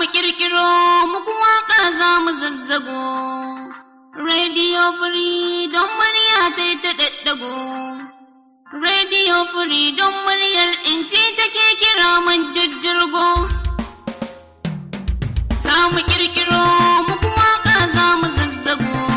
mu kirkiro muku za mu zazzago. Radio Free don murya ta yi ta daddago. Radio Free don muryar inci take kira man jijjirgo. Za mu kirkiro muku za mu zazzago.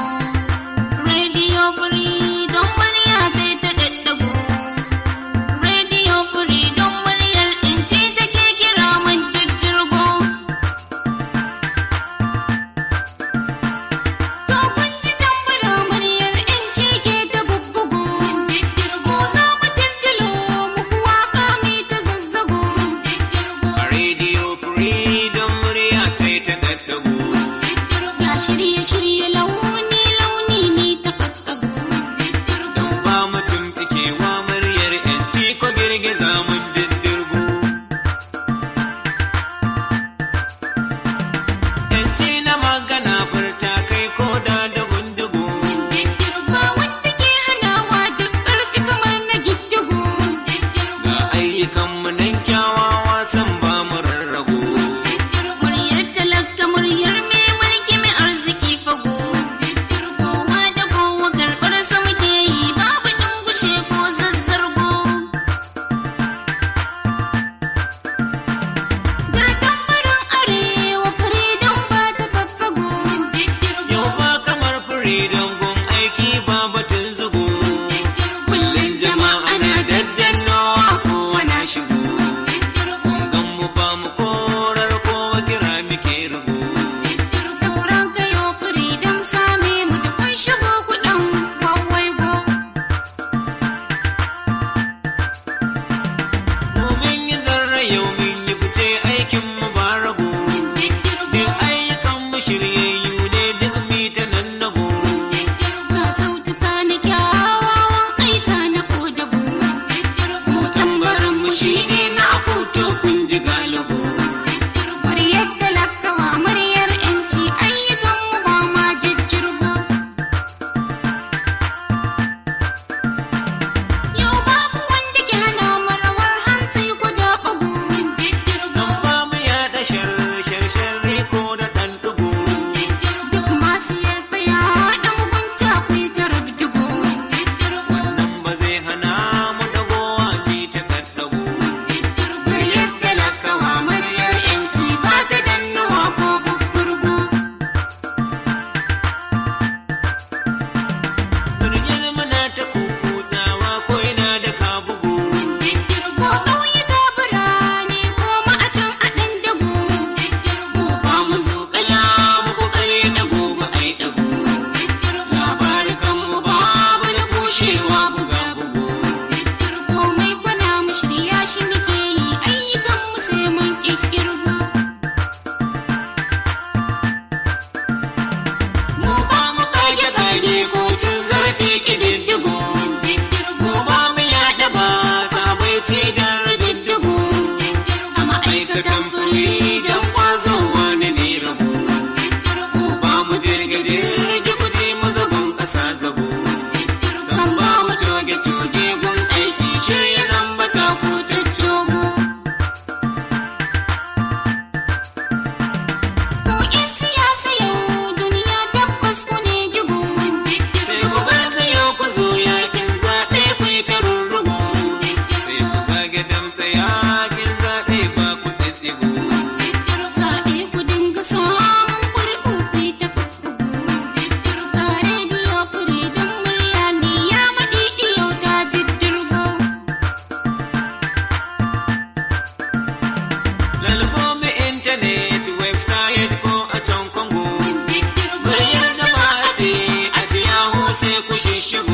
继续。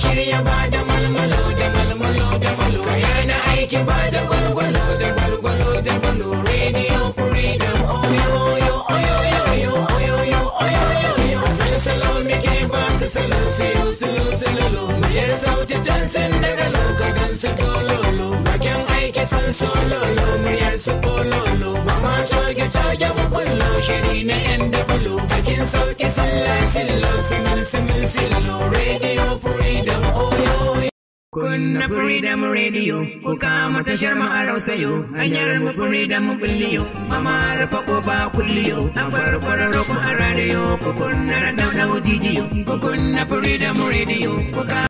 shirya ba da malmalo da malmalo da malo yana aiki ba da gwalgwalo da gwalgwalo da malo radio freedom oyo oyo oyo oyo oyo oyo oyo ba su siyo silo silolo ya sauti can sun daga ka gan su tololo bakin aiki sun sololo muryar su pololo mama coge coge mukullo shiri na yan dabalo bakin sauki sallah sillo simil simil sillo radio na Freedom Radio ko kama tashar mu a rausayo hanyar mu Freedom bulliyo mama rufa ba kulliyo a barbara ku a radio ko kunna da daudawo jijiyo ku kunna Freedom Radio ku